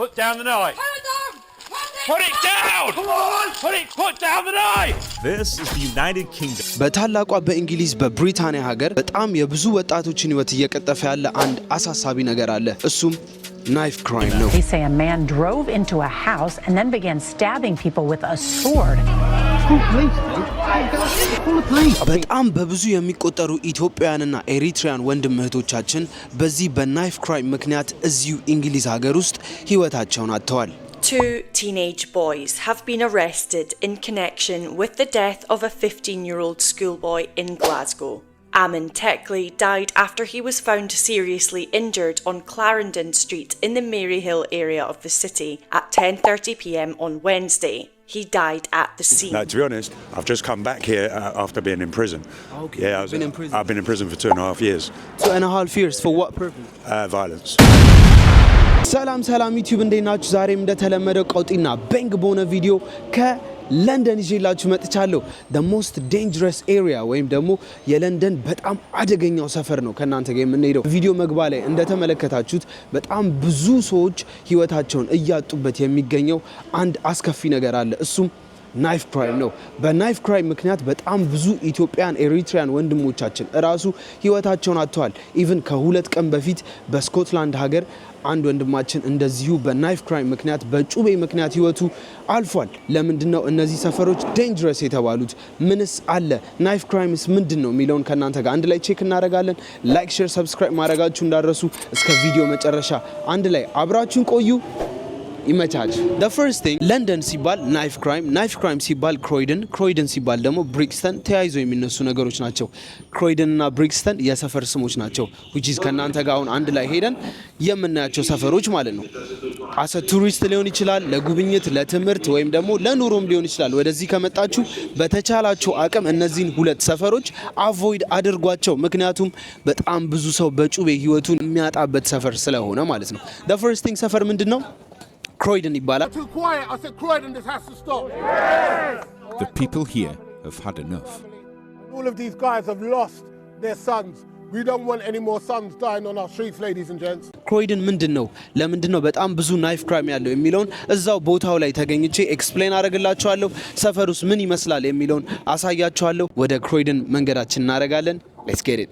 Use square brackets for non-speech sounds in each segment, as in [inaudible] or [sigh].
Put down the knife. Put it down! Put it, put down the knife! This is the United Kingdom. በታላቋ በእንግሊዝ በብሪታንያ ሀገር በጣም የብዙ ወጣቶችን ሕይወት እየቀጠፈ ያለ አንድ አሳሳቢ ነገር አለ። እሱም ናይፍ ክራይም ነው። They say a man drove into a house and then began stabbing people with a sword. Two teenage boys have been arrested in connection with the death of a 15 year old schoolboy in Glasgow. Amin Tekli died after he was found seriously injured on Clarendon Street in the Maryhill area of the city at 10:30 p.m. on Wednesday. He died at the scene. Now, to be honest, I've just come back here uh, after being in prison. Okay. Yeah, I was, been in prison. I've been in prison for two and a half years. Two and a half years for what purpose? Uh, violence. ሰላም ሰላም ዩቲዩብ እንዴት ናችሁ? ዛሬም እንደተለመደው ቀውጢና በንግ በሆነ ቪዲዮ ከ ለንደን ይዤላችሁ መጥቻለሁ። ደ ሞስት ዴንጀረስ ኤሪያ ወይም ደግሞ የለንደን በጣም አደገኛው ሰፈር ነው ከእናንተ ጋር የምንሄደው። ቪዲዮ መግባ ላይ እንደተመለከታችሁት በጣም ብዙ ሰዎች ህይወታቸውን እያጡበት የሚገኘው አንድ አስከፊ ነገር አለ እሱም ናይፍ ክራይም ነው። በናይፍ ክራይም ምክንያት በጣም ብዙ ኢትዮጵያን ኤሪትሪያን ወንድሞቻችን እራሱ ህይወታቸውን አጥተዋል። ኢቭን ከሁለት ቀን በፊት በስኮትላንድ ሀገር አንድ ወንድማችን እንደዚሁ በናይፍ ክራይም ምክንያት በጩቤ ምክንያት ህይወቱ አልፏል። ለምንድን ነው እነዚህ ሰፈሮች ዴንጅረስ የተባሉት? ምንስ አለ? ናይፍ ክራይምስ ምንድን ነው የሚለውን ከእናንተ ጋር አንድ ላይ ቼክ እናደርጋለን። ላይክ፣ ሼር፣ ሰብስክራይብ ማድረጋችሁ እንዳረሱ። እስከ ቪዲዮ መጨረሻ አንድ ላይ አብራችሁን ቆዩ። ይመቻች። ፈርስት ቲንግ ለንደን ሲባል ናይፍ ክራይም፣ ናይፍ ክራይም ሲባል ክሮይደን፣ ክሮይደን ሲባል ደግሞ ብሪክስተን ተያይዞ የሚነሱ ነገሮች ናቸው። ክሮይደን እና ብሪክስተን የሰፈር ስሞች ናቸው። ዊችዝ ከእናንተ ጋር አሁን አንድ ላይ ሄደን የምናያቸው ሰፈሮች ማለት ነው። አሰ ቱሪስት ሊሆን ይችላል፣ ለጉብኝት ለትምህርት፣ ወይም ደግሞ ለኑሮም ሊሆን ይችላል። ወደዚህ ከመጣችሁ በተቻላችሁ አቅም እነዚህን ሁለት ሰፈሮች አቮይድ አድርጓቸው። ምክንያቱም በጣም ብዙ ሰው በጩቤ ህይወቱን የሚያጣበት ሰፈር ስለሆነ ማለት ነው። ፈርስት ቲንግ ሰፈር ምንድን ነው? Croyden ibalat. Too quiet. I said Croyden, This has to stop. The people here have had enough. All of these guys have lost their sons. We don't want any more sons dying on our streets, ladies and gents. ክሮይደን ምንድን ነው? ለምንድን ነው በጣም ብዙ ናይፍ ክራይም ያለው የሚለውን እዛው ቦታው ላይ ተገኝቼ ኤክስፕሌን አደርግላችኋለሁ። ሰፈር ውስጥ ምን ይመስላል የሚለውን አሳያችኋለሁ። ወደ ክሮይደን መንገዳችን እናደርጋለን። ሌትስ ጌት ኢት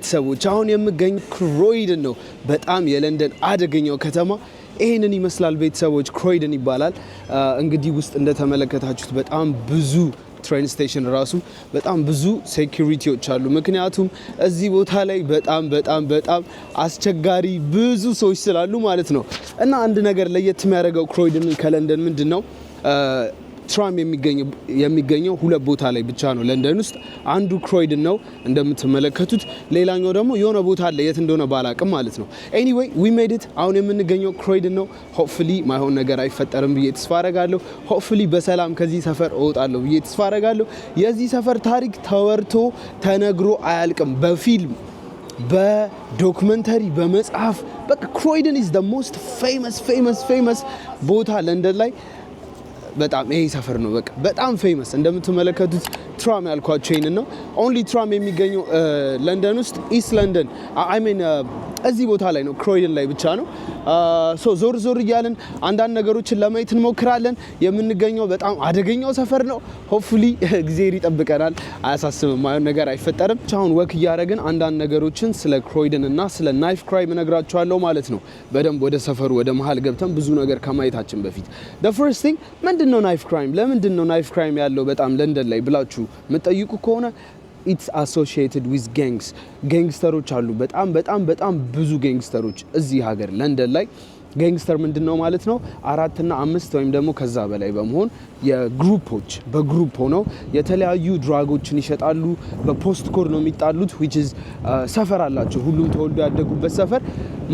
ቤተሰቦች አሁን የምገኝ ክሮይድን ነው። በጣም የለንደን አደገኛው ከተማ ይህንን ይመስላል ቤተሰቦች። ክሮይድን ይባላል እንግዲህ ውስጥ እንደተመለከታችሁት በጣም ብዙ ትሬን ስቴሽን ራሱ በጣም ብዙ ሴኩሪቲዎች አሉ። ምክንያቱም እዚህ ቦታ ላይ በጣም በጣም በጣም አስቸጋሪ ብዙ ሰዎች ስላሉ ማለት ነው። እና አንድ ነገር ለየት የሚያደርገው ክሮይድን ከለንደን ምንድን ነው ትራም የሚገኘው ሁለት ቦታ ላይ ብቻ ነው ለንደን ውስጥ። አንዱ ክሮይድን ነው እንደምትመለከቱት፣ ሌላኛው ደግሞ የሆነ ቦታ አለ የት እንደሆነ ባላቅም ማለት ነው። ኤኒዌይ ዊ ሜድ ኢት። አሁን የምንገኘው ክሮይድን ነው። ሆፕፉሊ ማይሆን ነገር አይፈጠርም ብዬ ተስፋ አረጋለሁ። ሆፕፉሊ በሰላም ከዚህ ሰፈር እወጣለሁ ብዬ ተስፋ አረጋለሁ። የዚህ ሰፈር ታሪክ ተወርቶ ተነግሮ አያልቅም በፊልም በዶክመንተሪ በመጽሐፍ በቃ ክሮይደን ኢዝ ደ ሞስት ፌመስ ፌመስ ፌመስ ቦታ ለንደን ላይ በጣም ይሄ ሰፈር ነው በቃ በጣም ፌመስ። እንደምትመለከቱት ትራም ያልኳቸው ይህንን ነው። ኦንሊ ትራም የሚገኘው ለንደን ውስጥ ኢስት ለንደን አይ ሚን እዚህ ቦታ ላይ ነው፣ ክሮይደን ላይ ብቻ ነው። ሶ ዞር ዞር እያልን አንዳንድ ነገሮችን ለማየት እንሞክራለን። የምንገኘው በጣም አደገኛው ሰፈር ነው። ሆፕፉሊ እግዜር [laughs] ይጠብቀናል፣ አያሳስብም፣ ማየን ነገር አይፈጠርም። አሁን ወክ እያደረግን አንዳንድ ነገሮችን ስለ ክሮይደን እና ስለ ናይፍ ክራይም እነግራችኋለሁ ማለት ነው። በደንብ ወደ ሰፈሩ ወደ መሀል ገብተን ብዙ ነገር ከማየታችን በፊት ደ ፈርስት ቲንግ ምንድን ነው ናይፍ ክራይም፣ ለምንድን ነው ናይፍ ክራይም ያለው በጣም ለንደን ላይ ብላችሁ የምትጠይቁ ከሆነ ኢትስ አሶሺየትድ ዊዝ ጋንግስ ጋንግስተሮች አሉ። በጣም በጣም በጣም ብዙ ጋንግስተሮች እዚህ ሀገር ለንደን ላይ ጋንግስተር ምንድን ነው ማለት ነው? አራትና አምስት ወይም ደግሞ ከዛ በላይ በመሆን የግሩፖች በግሩፕ ሆነው የተለያዩ ድራጎችን ይሸጣሉ። በፖስት ኮድ ነው የሚጣሉት። ዊች ኢዝ uh, ሰፈር አላቸው። ሁሉም ተወልዶ ያደጉበት ሰፈር።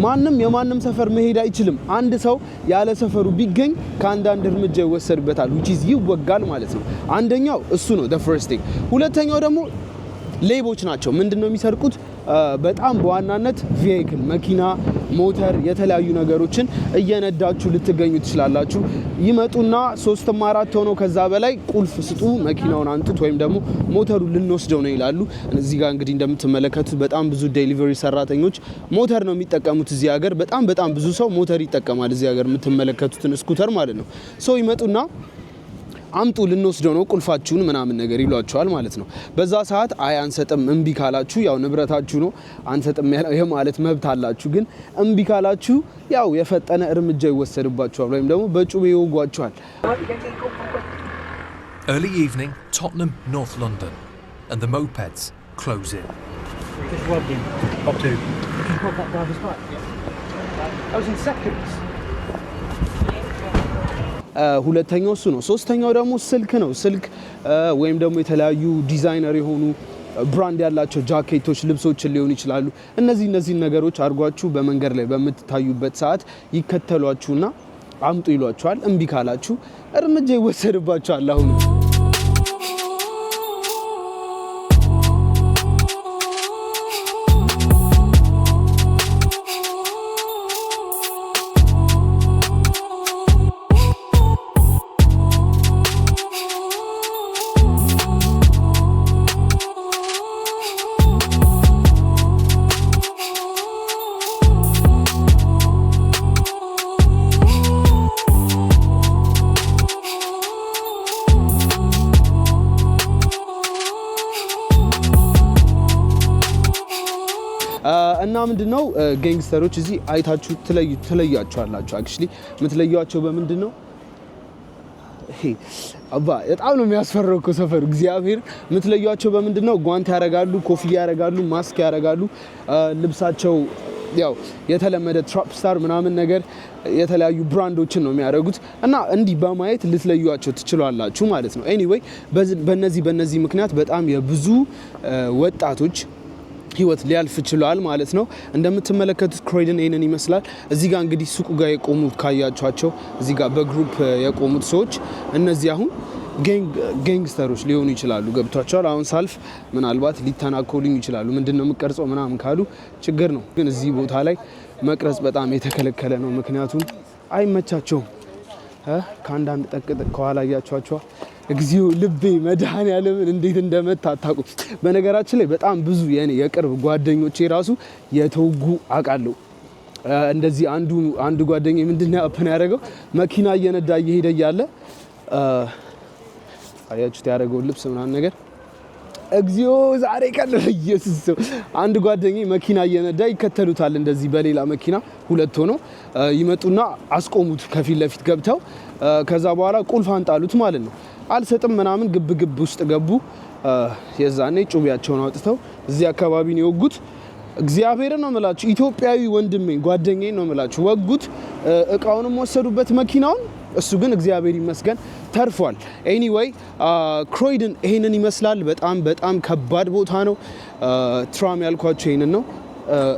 ማንም የማንም ሰፈር መሄድ አይችልም። አንድ ሰው ያለ ሰፈሩ ቢገኝ ከአንዳንድ እርምጃ ይወሰድበታል። ዊች ኢዝ ይወጋል ማለት ነው። አንደኛው እሱ ነው፣ ዘ ፈርስት ቲንግ። ሁለተኛው ደግሞ ሌቦች ናቸው። ምንድን ነው የሚሰርቁት? በጣም በዋናነት ቬሂክል፣ መኪና፣ ሞተር፣ የተለያዩ ነገሮችን እየነዳችሁ ልትገኙ ትችላላችሁ። ይመጡና ሶስትም አራት ሆነው ከዛ በላይ ቁልፍ ስጡ፣ መኪናውን አንጡት፣ ወይም ደግሞ ሞተሩን ልንወስደው ነው ይላሉ። እዚህ ጋር እንግዲህ እንደምትመለከቱት በጣም ብዙ ዴሊቨሪ ሰራተኞች ሞተር ነው የሚጠቀሙት እዚህ ሀገር። በጣም በጣም ብዙ ሰው ሞተር ይጠቀማል እዚህ ሀገር፣ የምትመለከቱትን ስኩተር ማለት ነው። ሰው ይመጡና አምጡ ልንወስደው ነው ቁልፋችሁን ምናምን ነገር ይሏቸዋል ማለት ነው። በዛ ሰዓት አይ አንሰጥም እምቢ ካላችሁ ያው ንብረታችሁ ነው አንሰጥም ይሄ ማለት መብት አላችሁ። ግን እምቢ ካላችሁ ያው የፈጠነ እርምጃ ይወሰድባችኋል ወይም ደግሞ በጩቤ ይወጓችኋል። Early evening, Tottenham, North London, and the mopeds close in. Just Up That was in seconds. ሁለተኛው እሱ ነው። ሶስተኛው ደግሞ ስልክ ነው። ስልክ ወይም ደግሞ የተለያዩ ዲዛይነር የሆኑ ብራንድ ያላቸው ጃኬቶች፣ ልብሶችን ሊሆን ይችላሉ። እነዚህ እነዚህን ነገሮች አድርጓችሁ በመንገድ ላይ በምትታዩበት ሰዓት ይከተሏችሁና አምጡ ይሏችኋል። እምቢ ካላችሁ እርምጃ ይወሰድባችኋል። አሁን ነው ጌንግስተሮች እዚህ አይታችሁ ትለያቸዋላችሁ። አክቹሊ የምትለያቸው በምንድን ነው? አባ በጣም ነው የሚያስፈራው እኮ ሰፈሩ። እግዚአብሔር የምትለያቸው በምንድን ነው? ጓንት ያረጋሉ፣ ኮፍያ ያረጋሉ፣ ማስክ ያረጋሉ። ልብሳቸው ያው የተለመደ ትራፕ ስታር ምናምን ነገር የተለያዩ ብራንዶችን ነው የሚያደርጉት እና እንዲህ በማየት ልትለዩቸው ትችላላችሁ ማለት ነው። ኤኒዌይ በነዚህ በነዚህ ምክንያት በጣም የብዙ ወጣቶች ህይወት ሊያልፍ ችሏል ማለት ነው። እንደምትመለከቱት ክሮይደን ይህንን ይመስላል። እዚህ ጋር እንግዲህ ሱቁ ጋር የቆሙት ካያቸኋቸው እዚህ ጋር በግሩፕ የቆሙት ሰዎች እነዚህ አሁን ጋንግስተሮች ሊሆኑ ይችላሉ። ገብቷቸዋል። አሁን ሳልፍ ምናልባት ሊተናኮሉኝ ይችላሉ። ምንድን ነው የምቀርጸው ምናምን ካሉ ችግር ነው። ግን እዚህ ቦታ ላይ መቅረጽ በጣም የተከለከለ ነው። ምክንያቱም አይመቻቸውም። ከአንዳንድ ጠቅጥ ከኋላ እያቸኋቸዋል እግዚኦ ልቤ መድኃኔዓለምን እንዴት እንደመታ አታውቁም። በነገራችን ላይ በጣም ብዙ የኔ የቅርብ ጓደኞቼ ራሱ የተወጉ አውቃለሁ። እንደዚህ አንዱ አንዱ ጓደኛዬ ምንድን ነው አፕን ያደረገው መኪና እየነዳ እየሄደ እያለ አያችሁት ያደረገው ልብስ ምናምን ነገር እግዚኦ ዛሬ ቀን ኢየሱስ። አንድ ጓደኛዬ መኪና እየነዳ ይከተሉታል። እንደዚህ በሌላ መኪና ሁለት ሆኖ ይመጡና አስቆሙት ከፊት ለፊት ገብተው ከዛ በኋላ ቁልፍ አንጣሉት ማለት ነው። አልሰጥም ምናምን ግብ ግብ ውስጥ ገቡ። የዛኔ ጩቤያቸውን አውጥተው እዚህ አካባቢ ነው የወጉት። እግዚአብሔርን ነው ምላችሁ ኢትዮጵያዊ ወንድሜ ጓደኛ ነው የምላችሁ። ወጉት፣ እቃውንም ወሰዱበት መኪናውን። እሱ ግን እግዚአብሔር ይመስገን ተርፏል። ኤኒዌይ ክሮይድን ይሄንን ይመስላል። በጣም በጣም ከባድ ቦታ ነው። ትራም ያልኳቸው ይሄንን ነው።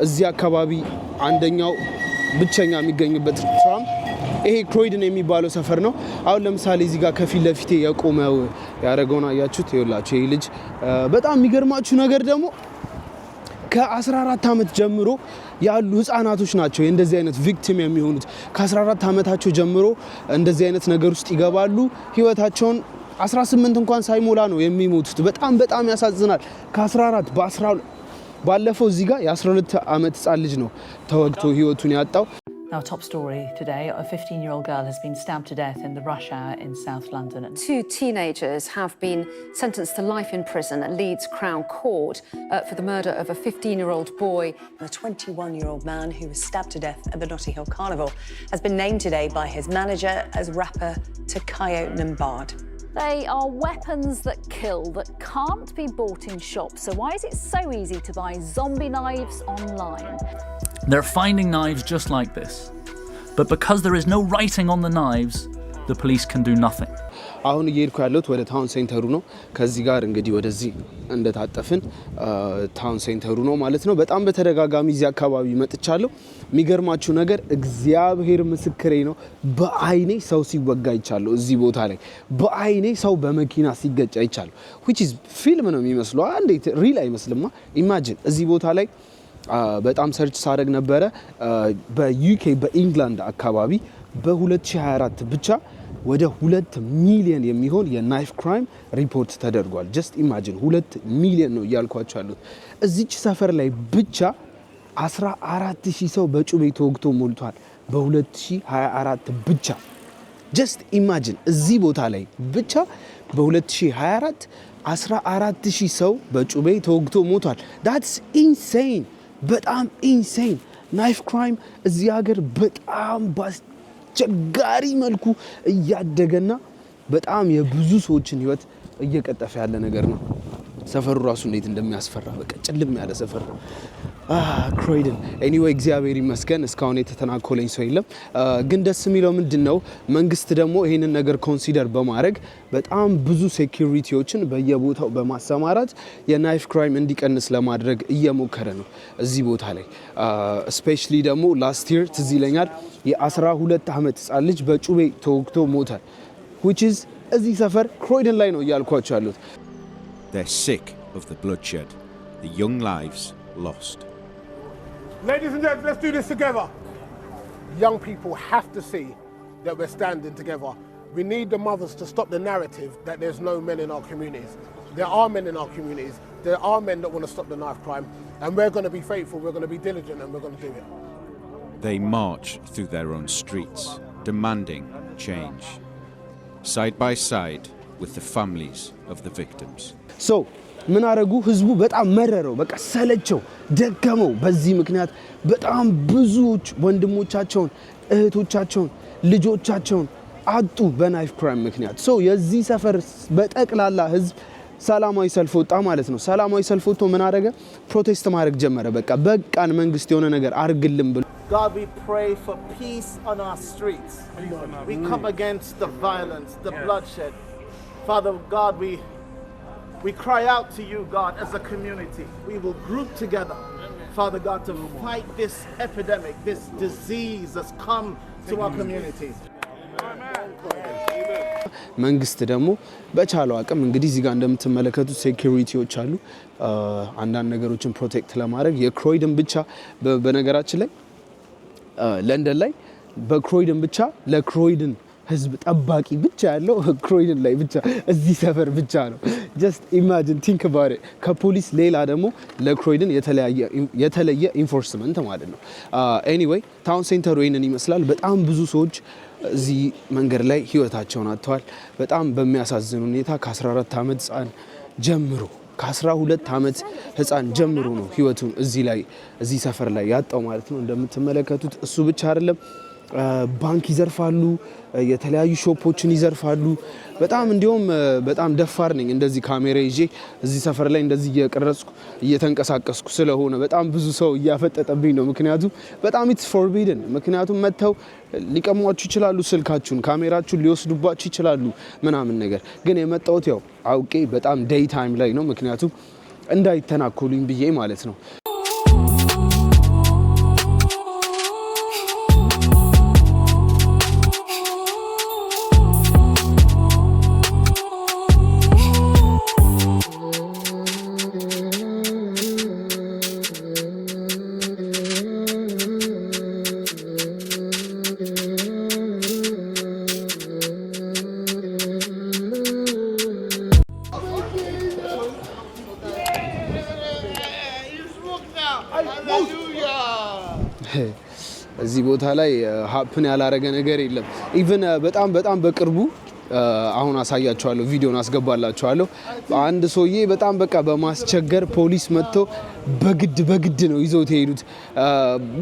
እዚህ አካባቢ አንደኛው ብቸኛ የሚገኝበት ትራም ይሄ ክሮይድን የሚባለው ሰፈር ነው። አሁን ለምሳሌ እዚህ ጋር ከፊት ለፊቴ የቆመው ያደረገውን አያችሁት? ይኸውላችሁ ይህ ልጅ በጣም የሚገርማችሁ ነገር ደግሞ ከ14 ዓመት ጀምሮ ያሉ ህጻናቶች ናቸው እንደዚህ አይነት ቪክቲም የሚሆኑት። ከ14 ዓመታቸው ጀምሮ እንደዚህ አይነት ነገር ውስጥ ይገባሉ። ህይወታቸውን 18 እንኳን ሳይሞላ ነው የሚሞቱት። በጣም በጣም ያሳዝናል። ከ14 በ12 ባለፈው እዚህ ጋር የ12 ዓመት ህጻን ልጅ ነው ተወግቶ ህይወቱን ያጣው። Our top story today, a 15-year-old girl has been stabbed to death in the rush hour in South London. Two teenagers have been sentenced to life in prison at Leeds Crown Court uh, for the murder of a 15-year-old boy. A 21-year-old man who was stabbed to death at the Notting Hill Carnival has been named today by his manager as rapper Takayo Nambard. They are weapons that kill that can't be bought in shops. So why is it so easy to buy zombie knives online? They're finding knives just like this. But because there is no writing on the knives, the police can do nothing. አሁን እየሄድኩ ያለሁት ወደ ታውን ሴንተሩ ነው። ከዚህ ጋር እንግዲህ ወደዚህ እንደታጠፍን ታውን ሴንተሩ ነው ማለት ነው። በጣም በተደጋጋሚ እዚህ አካባቢ መጥቻለሁ። የሚገርማችሁ ነገር እግዚአብሔር ምስክሬ ነው። በአይኔ ሰው ሲወጋ ይቻለሁ። እዚህ ቦታ ላይ በአይኔ ሰው በመኪና ሲገጭ አይቻለሁ። ዊች ኢዝ ፊልም ነው የሚመስሉ እንዴት ሪል አይመስልማ። ኢማጂን እዚህ ቦታ ላይ በጣም ሰርች ሳደረግ ነበረ በዩኬ በኢንግላንድ አካባቢ በ2024 ብቻ ወደ ሁለት ሚሊዮን የሚሆን የናይፍ ክራይም ሪፖርት ተደርጓል። ጀስት ኢማጂን ሁለት ሚሊዮን ነው እያልኳቸው ያሉት። እዚች ሰፈር ላይ ብቻ 14 ሺህ ሰው በጩቤ ተወግቶ ሞልቷል በ2024 ብቻ። ጀስት ኢማጂን እዚህ ቦታ ላይ ብቻ በ2024 14 ሺህ ሰው በጩቤ ተወግቶ ሞቷል። ዳትስ ኢንሴይን፣ በጣም ኢንሴይን ናይፍ ክራይም እዚህ ሀገር በጣም ባስ በአስቸጋሪ መልኩ እያደገና በጣም የብዙ ሰዎችን ህይወት እየቀጠፈ ያለ ነገር ነው። ሰፈሩ ራሱ እንዴት እንደሚያስፈራ በቃ ጭልም ያለ ሰፈር ነው። ክሮይድን ኤኒዌይ እግዚአብሔር ይመስገን እስካሁን የተተናኮለኝ ሰው የለም። ግን ደስ የሚለው ምንድን ነው መንግስት ደግሞ ይህንን ነገር ኮንሲደር በማድረግ በጣም ብዙ ሴኪሪቲዎችን በየቦታው በማሰማራት የናይፍ ክራይም እንዲቀንስ ለማድረግ እየሞከረ ነው። እዚህ ቦታ ላይ ስፔሻሊ ደግሞ ላስት ይር ትዝ ይለኛል የ12 ዓመት ህፃን ልጅ በጩቤ ተወግቶ ሞተ። ዊች ኢዝ እዚህ ሰፈር ክሮይድን ላይ ነው እያልኳቸው ያሉት። ሲክ ኦፍ ብሎድሸድ ዮንግ ላይቭስ ሎስት Ladies and gents, let's do this together. Young people have to see that we're standing together. We need the mothers to stop the narrative that there's no men in our communities. There are men in our communities. There are men that want to stop the knife crime. And we're going to be faithful, we're going to be diligent, and we're going to do it. They march through their own streets, demanding change, side by side with the families of the victims. So, ምን አረጉ? ህዝቡ በጣም መረረው፣ በቃ ሰለቸው፣ ደከመው። በዚህ ምክንያት በጣም ብዙዎች ወንድሞቻቸውን፣ እህቶቻቸውን፣ ልጆቻቸውን አጡ በናይፍ ክራይም ምክንያት። ሰው የዚህ ሰፈር በጠቅላላ ህዝብ ሰላማዊ ሰልፍ ወጣ ማለት ነው። ሰላማዊ ሰልፍ ወጥቶ ምን አደረገ? ፕሮቴስት ማድረግ ጀመረ። በቃ በቃን፣ መንግስት የሆነ ነገር አርግልን ብሎ God We cry out to you, God, as a community. We will group together, Father God, to fight this epidemic, this disease that's come to our community. መንግስት ደግሞ በቻለው አቅም እንግዲህ እዚህ ጋር እንደምትመለከቱት ሴኪሪቲዎች አሉ። አንዳንድ ነገሮችን ፕሮቴክት ለማድረግ የክሮይድን ብቻ በነገራችን ላይ ለንደን ላይ በክሮይድን ብቻ ለክሮይድን ህዝብ ጠባቂ ብቻ ያለው [laughs] ክሮይደን ላይ ብቻ እዚህ ሰፈር ብቻ ነው። ጀስት ኢማጂን ቲንክ ባር። ከፖሊስ ሌላ ደግሞ ለክሮይድን የተለየ ኢንፎርስመንት ማለት ነው። ኤኒዌይ ታውን ሴንተሩ ይህንን ይመስላል። በጣም ብዙ ሰዎች እዚህ መንገድ ላይ ህይወታቸውን አጥተዋል። በጣም በሚያሳዝን ሁኔታ ከ14 ዓመት ህፃን ጀምሮ ከ12 ዓመት ህፃን ጀምሮ ነው ህይወቱን እዚህ ላይ እዚህ ሰፈር ላይ ያጣው ማለት ነው። እንደምትመለከቱት እሱ ብቻ አይደለም። ባንክ ይዘርፋሉ፣ የተለያዩ ሾፖችን ይዘርፋሉ። በጣም እንዲሁም በጣም ደፋር ነኝ። እንደዚህ ካሜራ ይዤ እዚህ ሰፈር ላይ እንደዚህ እየቀረጽኩ እየተንቀሳቀስኩ ስለሆነ በጣም ብዙ ሰው እያፈጠጠብኝ ነው። ምክንያቱም በጣም ኢትስ ፎርቢድን። ምክንያቱም መጥተው ሊቀሟችሁ ይችላሉ፣ ስልካችሁን፣ ካሜራችሁን ሊወስዱባችሁ ይችላሉ ምናምን። ነገር ግን የመጣሁት ያው አውቄ በጣም ደይ ታይም ላይ ነው፣ ምክንያቱም እንዳይተናኮሉኝ ብዬ ማለት ነው። ቦታ ላይ ሀፕን ያላረገ ነገር የለም። ኢቭን በጣም በጣም በቅርቡ አሁን አሳያቸዋለሁ፣ ቪዲዮን አስገባላቸዋለሁ። አንድ ሰውዬ በጣም በቃ በማስቸገር ፖሊስ መጥቶ በግድ በግድ ነው ይዘውት የሄዱት።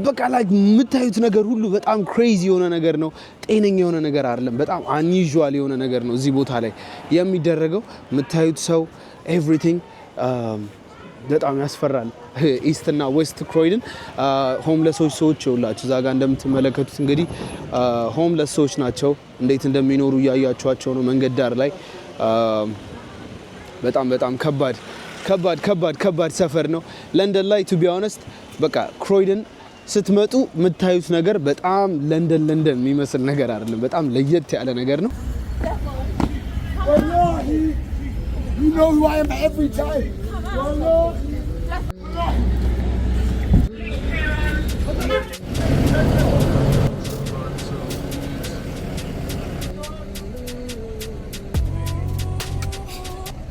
በቃ ላይ የምታዩት ነገር ሁሉ በጣም ክሬዚ የሆነ ነገር ነው። ጤነኛ የሆነ ነገር አይደለም። በጣም አንዩዥዋል የሆነ ነገር ነው እዚህ ቦታ ላይ የሚደረገው። የምታዩት ሰው ኤቭሪቲንግ በጣም ያስፈራል። ኢስት [laughs] እና ዌስት ክሮይድን ሆምለሶች ሰዎች ይውላችሁ እዛ ጋር እንደምትመለከቱት እንግዲህ ሆምለስ uh, ሰዎች ናቸው። እንዴት እንደሚኖሩ እያያችኋቸው ነው መንገድ ዳር ላይ uh, በጣም በጣም ከባድ ከባድ ከባድ ከባድ ሰፈር ነው ለንደን ላይ ቱ ቢ ኦነስት በቃ ክሮይድን ስትመጡ የምታዩት ነገር በጣም ለንደን ለንደን የሚመስል ነገር አይደለም። በጣም ለየት ያለ ነገር ነው።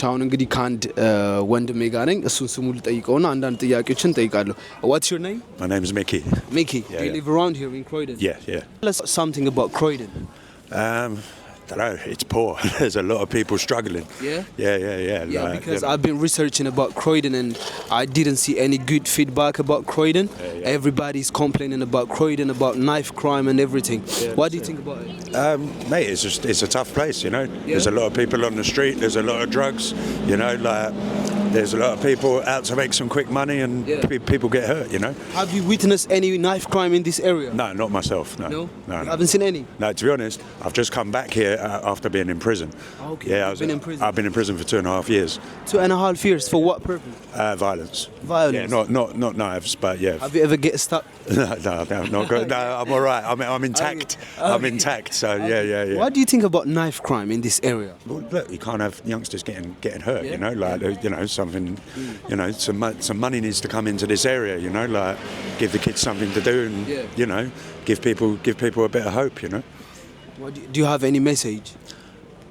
አሁን እንግዲህ ከአንድ ወንድሜ ጋር ነኝ። እሱን ስሙ ልጠይቀውና አንዳንድ ጥያቄዎችን ጠይቃለሁ። ዋትስ ዮር ኔም? ማይ ኔም ኢዝ ሜኪ ሜኪ ዩ ሊቭ አራውንድ ሂር ኢን ክሮይደን? ያ ያ ቴል አስ ሳምቲንግ አባውት ክሮይደን don't know, it's poor. [laughs] There's a lot of people struggling. Yeah? Yeah, yeah, yeah. Yeah, like, because yeah. I've been researching about Croydon and I didn't see any good feedback about Croydon. Yeah, yeah. Everybody's complaining about Croydon, about knife crime and everything. what do you think about it? Um, mate, it's just it's a tough place, you know. There's a lot of people on the street, there's a lot of drugs, you know, like there's a lot of people out to make some quick money and yeah. pe- people get hurt, you know. Have you witnessed any knife crime in this area? No, not myself, no. No? no, no. haven't seen any? No, to be honest, I've just come back here uh, after being in prison. okay, yeah, I've been in prison? I've been in prison for two and a half years. Two and a half years, for what purpose? Uh, violence violence? Yeah, not not not knives, but yeah. Have you ever get stuck? [laughs] no, no, no, not good. No, I'm all right. I'm, I'm intact. Okay. I'm intact. So okay. yeah, yeah, yeah. What do you think about knife crime in this area? Well, look, you can't have youngsters getting getting hurt. Yeah. You know, like yeah. you know something. Mm. You know, some some money needs to come into this area. You know, like give the kids something to do, and yeah. you know, give people give people a bit of hope. You know. Do you have any message?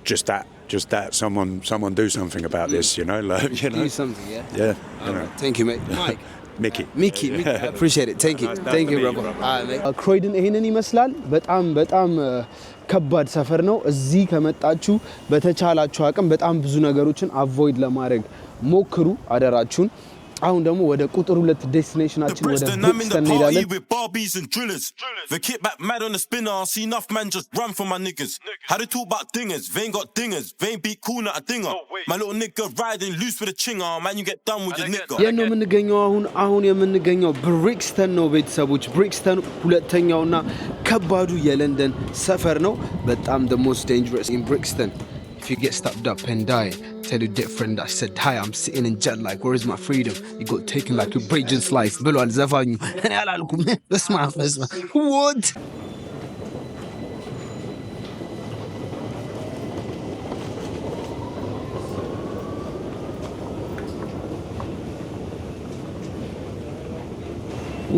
Just that just that someone someone do something about this. You know, like, you know. Do something. Yeah. Yeah. You know. right. Thank you, mate. Mike. ሚኪ ሚኪ አፕሪሺየት ቴንክ ዩ ቴንክ ዩ ብሮ ክሮይድን ይሄንን ይመስላል። በጣም በጣም ከባድ ሰፈር ነው። እዚህ ከመጣችሁ በተቻላችሁ አቅም በጣም ብዙ ነገሮችን አቮይድ ለማድረግ ሞክሩ አደራችሁን። አሁን ደግሞ ወደ ቁጥር ሁለት ዴስቲኔሽናችን ወደ ብሪክስተን እንሄዳለን። የት ነው የምንገኘው? አሁን አሁን የምንገኘው ብሪክስተን ነው ቤተሰቦች። ብሪክስተን ሁለተኛውና ከባዱ የለንደን ሰፈር ነው። በጣም ደ ሞስት ዴንጀረስ ኢን ብሪክስተን if you get stabbed up and die, tell your dead friend I said hi. I'm sitting in jet like, where is my freedom? You got taken like a bridge and slice. Below Al Zavanyu. What?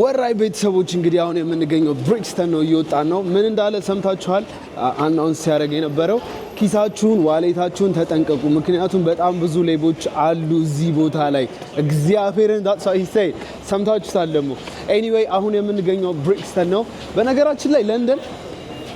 ወራይ ቤተሰቦች እንግዲህ አሁን የምንገኘው ብሪክስተን ነው። እየወጣን ነው። ምን እንዳለ ሰምታችኋል። አናውንስ ሲያደርግ የነበረው ኪሳችሁን፣ ዋሌታችሁን ተጠንቀቁ፣ ምክንያቱም በጣም ብዙ ሌቦች አሉ እዚህ ቦታ ላይ እግዚአብሔርን ዳሳይሳይ ሰምታችሁታል። ደግሞ ኤኒዌይ አሁን የምንገኘው ብሪክስተን ነው። በነገራችን ላይ ለንደን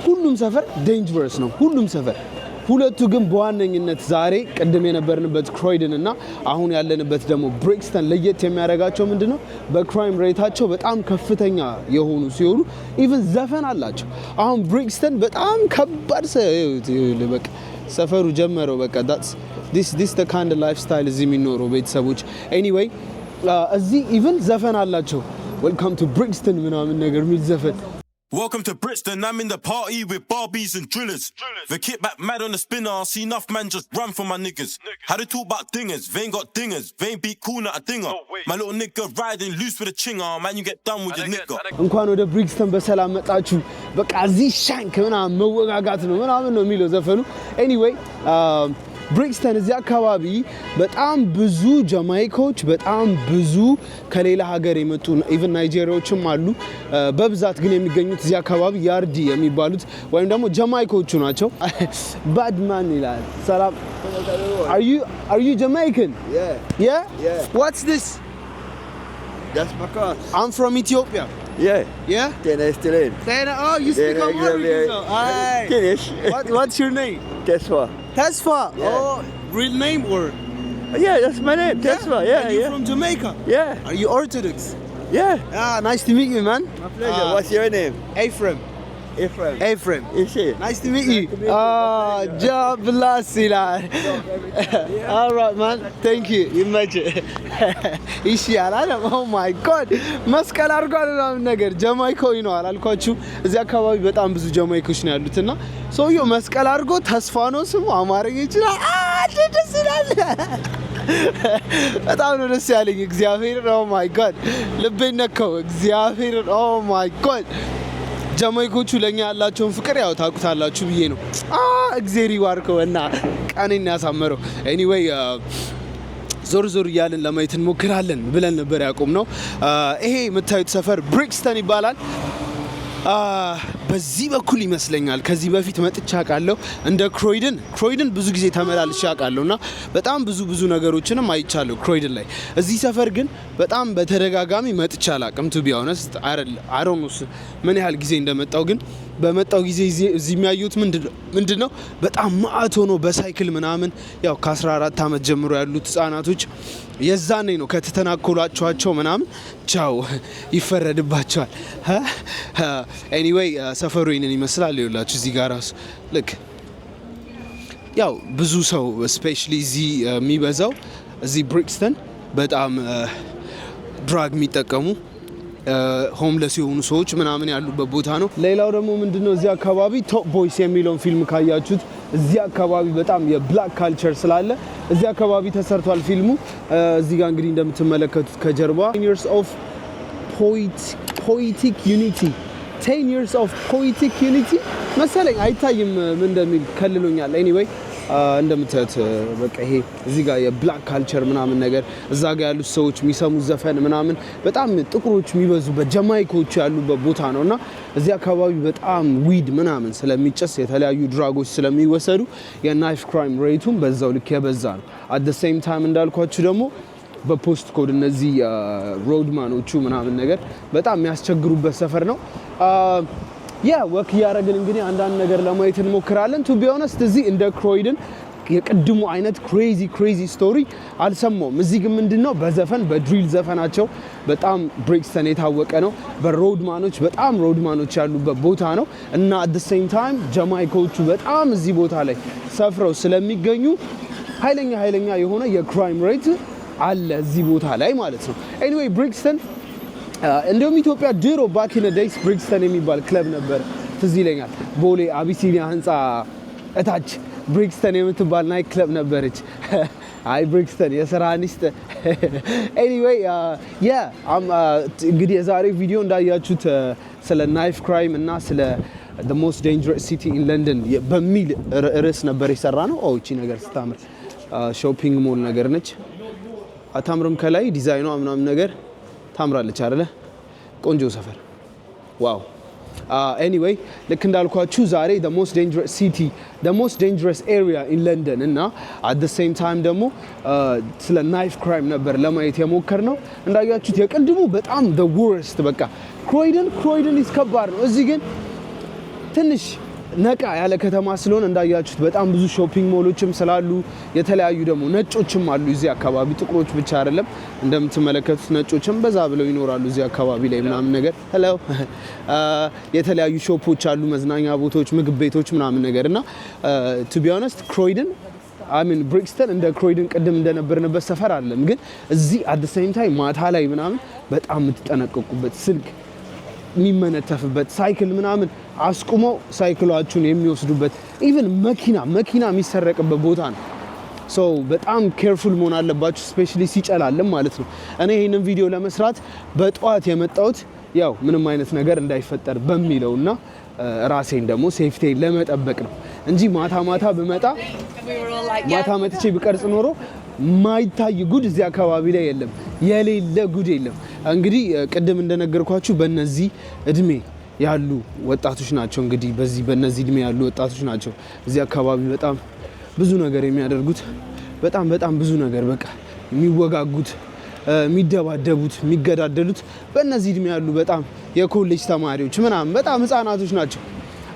ሁሉም ሰፈር ዴንጀረስ ነው። ሁሉም ሰፈር ሁለቱ ግን በዋነኝነት ዛሬ ቅድም የነበርንበት ክሮይድን እና አሁን ያለንበት ደግሞ ብሪክስተን ለየት የሚያደርጋቸው ምንድን ነው? በክራይም ሬታቸው በጣም ከፍተኛ የሆኑ ሲሆኑ ኢቨን ዘፈን አላቸው። አሁን ብሪክስተን በጣም ከባድ ሰፈሩ ጀመረው በቃ ስ ካንድ ላይፍ ስታይል እዚህ የሚኖረው ቤተሰቦች ኤኒዌይ እዚህ ኢቨን ዘፈን አላቸው። ዌልካም ቱ ብሪክስተን ምናምን ነገር የሚል ዘፈን Welcome to Brixton, I'm in the party with Barbies and drillers. drillers. The back mad on the spinner, I see enough man just run for my niggas. How they talk about dingers, they ain't got dingers, they ain't beat cool, not a dinger. No my little nigga riding loose with a chinger, man, you get done with I your nigga. እንኳን ወደ ብሪክስተን በሰላም መጣችሁ። በቃ እዚህ I ምናምን going to ምናምን ነው የሚለው ዘፈኑ Anyway. Um, ብሪክስተን እዚህ አካባቢ በጣም ብዙ ጃማይካዎች በጣም ብዙ ከሌላ ሀገር የመጡ ኢቨን ናይጄሪያዎችም አሉ። በብዛት ግን የሚገኙት እዚህ አካባቢ ያርዲ የሚባሉት ወይም ደግሞ ጃማይካዎቹ ናቸው። [laughs] ባድማን ይላል። ሰላም አር ዩ ጀማይካን? ዋትስ ዲስ አም ፍሮም ኢትዮጵያ Yeah. Yeah? Tena Estelin. Tena, oh, you speak Tena Amharic. What, what's your name? Keswa. Tesfa. Yeah. Oh, real name or? Yeah, that's my name, yeah? Tesfa. Yeah, and you're yeah. from Jamaica. Yeah. Are you Orthodox? Yeah. Ah, nice to meet you, man. My pleasure. Uh, What's your name? Ephraim. ኤፍሬም ኤፍሬም፣ እሺ ናይስ ቱ ሚት ዩ። ጃብ ላስ ይላል። ኦልራይት ማን ቴንክ ዩ ይመችህ። እሺ አላለም። ኦ ማይ ጋድ መስቀል አድርጓል ምናምን ነገር ጀማይካዊ ነው አላልኳችሁ? እዚህ አካባቢ በጣም ብዙ ጀማይኮች ነው ያሉት እና ሰውየው መስቀል አድርጎ ተስፋ ነው ስሙ። አማርኛ ይችላል። ደስ ይላል። በጣም ነው ደስ ያለኝ። እግዚአብሔርን ኦ oh ማይ ጋድ ልቤን ነካው። እግዚአብሔርን ኦ oh ማይ ጋድ ጀማይኮቹ ለእኛ ያላቸውን ፍቅር ያው ታውቁታላችሁ ብዬ ነው። እግዜር ይባርከው እና ቀኔን ያሳመረው። ኤኒዌይ ዞር ዞር እያለን ለማየት እንሞክራለን ብለን ነበር ያቆም ነው። ይሄ የምታዩት ሰፈር ብሪክስተን ይባላል። በዚህ በኩል ይመስለኛል ከዚህ በፊት መጥቼ አውቃለሁ። እንደ ክሮይድን ክሮይድን ብዙ ጊዜ ተመላልሼ አውቃለሁ እና በጣም ብዙ ብዙ ነገሮችንም አይቻለሁ ክሮይድን ላይ። እዚህ ሰፈር ግን በጣም በተደጋጋሚ መጥቼ አላቅም። ቱ ቢ ኦነስት አሮኑስ ምን ያህል ጊዜ እንደመጣው ግን በመጣው ጊዜ እዚህ የሚያዩት ምንድን ነው በጣም ማአት ሆኖ በሳይክል ምናምን ያው ከ14 ዓመት ጀምሮ ያሉት ህጻናቶች የዛኔ ነው ከተተናኮሏቸኋቸው ምናምን ቻው ይፈረድባቸዋል። ኤኒዌይ ሰፈሩ ይንን ይመስላል። ይኸውላችሁ እዚህ ጋር ራሱ ልክ ያው ብዙ ሰው ስፔሻሊ እዚህ የሚበዛው እዚህ ብሪክስተን በጣም ድራግ የሚጠቀሙ ሆምለስ የሆኑ ሰዎች ምናምን ያሉበት ቦታ ነው። ሌላው ደግሞ ምንድነው እዚህ አካባቢ ቶፕ ቦይስ የሚለውን ፊልም ካያችሁት እዚህ አካባቢ በጣም የብላክ ካልቸር ስላለ እዚህ አካባቢ ተሰርቷል ፊልሙ። እዚህ ጋር እንግዲህ እንደምትመለከቱት ከጀርባ ርስ ኦፍ ፖቲክ ዩኒቲ ቴን ይርስ ኦፍ ፖቲክ ዩኒቲ መሰለኝ አይታይም ምን እንደሚል ከልሎኛል። ኤኒዌይ እንደምታዩት በቃ ይሄ እዚህ ጋር የብላክ ካልቸር ምናምን ነገር እዛ ጋር ያሉት ሰዎች የሚሰሙት ዘፈን ምናምን በጣም ጥቁሮች የሚበዙበት ጀማይኮች ያሉበት ቦታ ነው እና እዚህ አካባቢ በጣም ዊድ ምናምን ስለሚጨስ የተለያዩ ድራጎች ስለሚወሰዱ የናይፍ ክራይም ሬቱም በዛው ልክ የበዛ ነው። አት ደ ሴም ታይም እንዳልኳችሁ ደግሞ በፖስት ኮድ እነዚህ ሮድማኖቹ ምናምን ነገር በጣም የሚያስቸግሩበት ሰፈር ነው። ያ ወክ እያደረግን እንግዲህ አንዳንድ ነገር ለማየት እንሞክራለን። ቱ ቢ ኦነስት እዚህ እንደ ክሮይድን የቅድሙ አይነት ክሬዚ ክሬዚ ስቶሪ አልሰማውም። እዚህ ግን ምንድን ነው በዘፈን በድሪል ዘፈናቸው በጣም ብሪክስተን የታወቀ ነው። በሮድማኖች በጣም ሮድማኖች ያሉበት ቦታ ነው እና አት ሴም ታይም ጀማይኮቹ በጣም እዚህ ቦታ ላይ ሰፍረው ስለሚገኙ ኃይለኛ ኃይለኛ የሆነ የክራይም ሬት አለ እዚህ ቦታ ላይ ማለት ነው። ኤኒዌይ ብሪክስተን እንዲሁም ኢትዮጵያ ድሮ ባኪነ ደይስ ብሪክስተን የሚባል ክለብ ነበር፣ ትዝ ይለኛል። ቦሌ አቢሲኒያ ህንፃ እታች ብሪክስተን የምትባል ናይ ክለብ ነበረች። [laughs] አይ ብሪክስተን የስራ ኒስት። [laughs] ኤኒዌይ እንግዲህ የዛሬ ቪዲዮ እንዳያችሁት ስለ ናይፍ ክራይም እና ስለ ዘ ሞስት dangerous ሲቲ ኢን ለንደን በሚል ርዕስ ነበር የሰራ ነው። እቺ ነገር ስታምር ሾፒንግ ሞል ነገር ነች። አታምርም? ከላይ ዲዛይኗ ምናምን ነገር ታምራለች አይደለ? ቆንጆ ሰፈር ዋው። ኤኒዌይ ልክ እንዳልኳችሁ ዛሬ ሞስት ዴንጀረስ ሲቲ ሞስት ዴንጀረስ ኤሪያ ኢን ለንደን እና አት ሴም ታይም ደግሞ ስለ ናይፍ ክራይም ነበር ለማየት የሞከር ነው። እንዳያችሁት የቅድሙ በጣም ወርስት በቃ ክሮይደን ክሮይደን ይስከባድ ነው። እዚህ ግን ትንሽ ነቃ ያለ ከተማ ስለሆነ እንዳያችሁት በጣም ብዙ ሾፒንግ ሞሎችም ስላሉ የተለያዩ ደግሞ ነጮችም አሉ እዚህ አካባቢ። ጥቁሮች ብቻ አይደለም እንደምትመለከቱት ነጮችም በዛ ብለው ይኖራሉ እዚህ አካባቢ ላይ ምናምን ነገር ለው [laughs] የተለያዩ ሾፖች አሉ፣ መዝናኛ ቦታዎች፣ ምግብ ቤቶች ምናምን ነገር እና ቱ ቢ ኦነስት ክሮይድን አሚን ብሪክስተን እንደ ክሮይድን ቅድም እንደነበርንበት ሰፈር አለም፣ ግን እዚህ አደሰኝታይ ማታ ላይ ምናምን በጣም የምትጠነቀቁበት ስልክ የሚመነተፍበት ሳይክል ምናምን አስቁመው ሳይክሏችሁን የሚወስዱበት ኢቨን መኪና መኪና የሚሰረቅበት ቦታ ነው። ሰው በጣም ኬርፉል መሆን አለባችሁ፣ ስፔሻሊ ሲጨላለም ማለት ነው። እኔ ይህንን ቪዲዮ ለመስራት በጠዋት የመጣሁት ያው ምንም አይነት ነገር እንዳይፈጠር በሚለው እና ራሴን ደግሞ ሴፍቴ ለመጠበቅ ነው እንጂ ማታ ማታ ብመጣ ማታ መጥቼ ብቀርጽ ኖሮ ማይታይ ጉድ እዚህ አካባቢ ላይ የለም። የሌለ ጉድ የለም። እንግዲህ ቅድም እንደነገርኳችሁ በእነዚህ እድሜ ያሉ ወጣቶች ናቸው። እንግዲህ በዚህ በእነዚህ እድሜ ያሉ ወጣቶች ናቸው እዚህ አካባቢ በጣም ብዙ ነገር የሚያደርጉት በጣም በጣም ብዙ ነገር በቃ የሚወጋጉት፣ የሚደባደቡት፣ የሚገዳደሉት በእነዚህ እድሜ ያሉ በጣም የኮሌጅ ተማሪዎች ምናምን በጣም ህፃናቶች ናቸው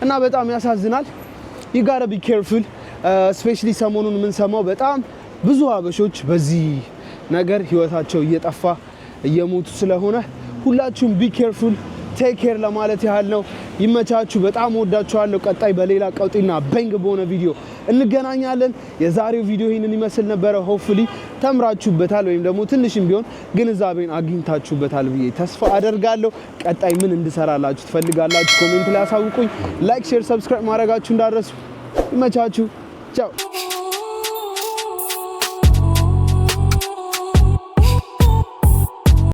እና በጣም ያሳዝናል። ይጋረ ቢ ኬርፉል ስፔሻሊ ሰሞኑን የምንሰማው በጣም ብዙ ሀበሾች በዚህ ነገር ህይወታቸው እየጠፋ እየሞቱ ስለሆነ ሁላችሁም ቢ ኬርፉል ቴክ ኬር ለማለት ያህል ነው። ይመቻችሁ። በጣም ወዳችኋለሁ። ቀጣይ በሌላ ቀውጢና በንግ በሆነ ቪዲዮ እንገናኛለን። የዛሬው ቪዲዮ ይህንን ይመስል ነበረ። ሆፍሊ ተምራችሁበታል ወይም ደግሞ ትንሽም ቢሆን ግንዛቤን አግኝታችሁበታል ብዬ ተስፋ አደርጋለሁ። ቀጣይ ምን እንድሰራላችሁ ትፈልጋላችሁ? ኮሜንት ላይ አሳውቁኝ። ላይክ፣ ሼር፣ ሰብስክራይብ ማድረጋችሁ እንዳረሱ። ይመቻችሁ። ቻው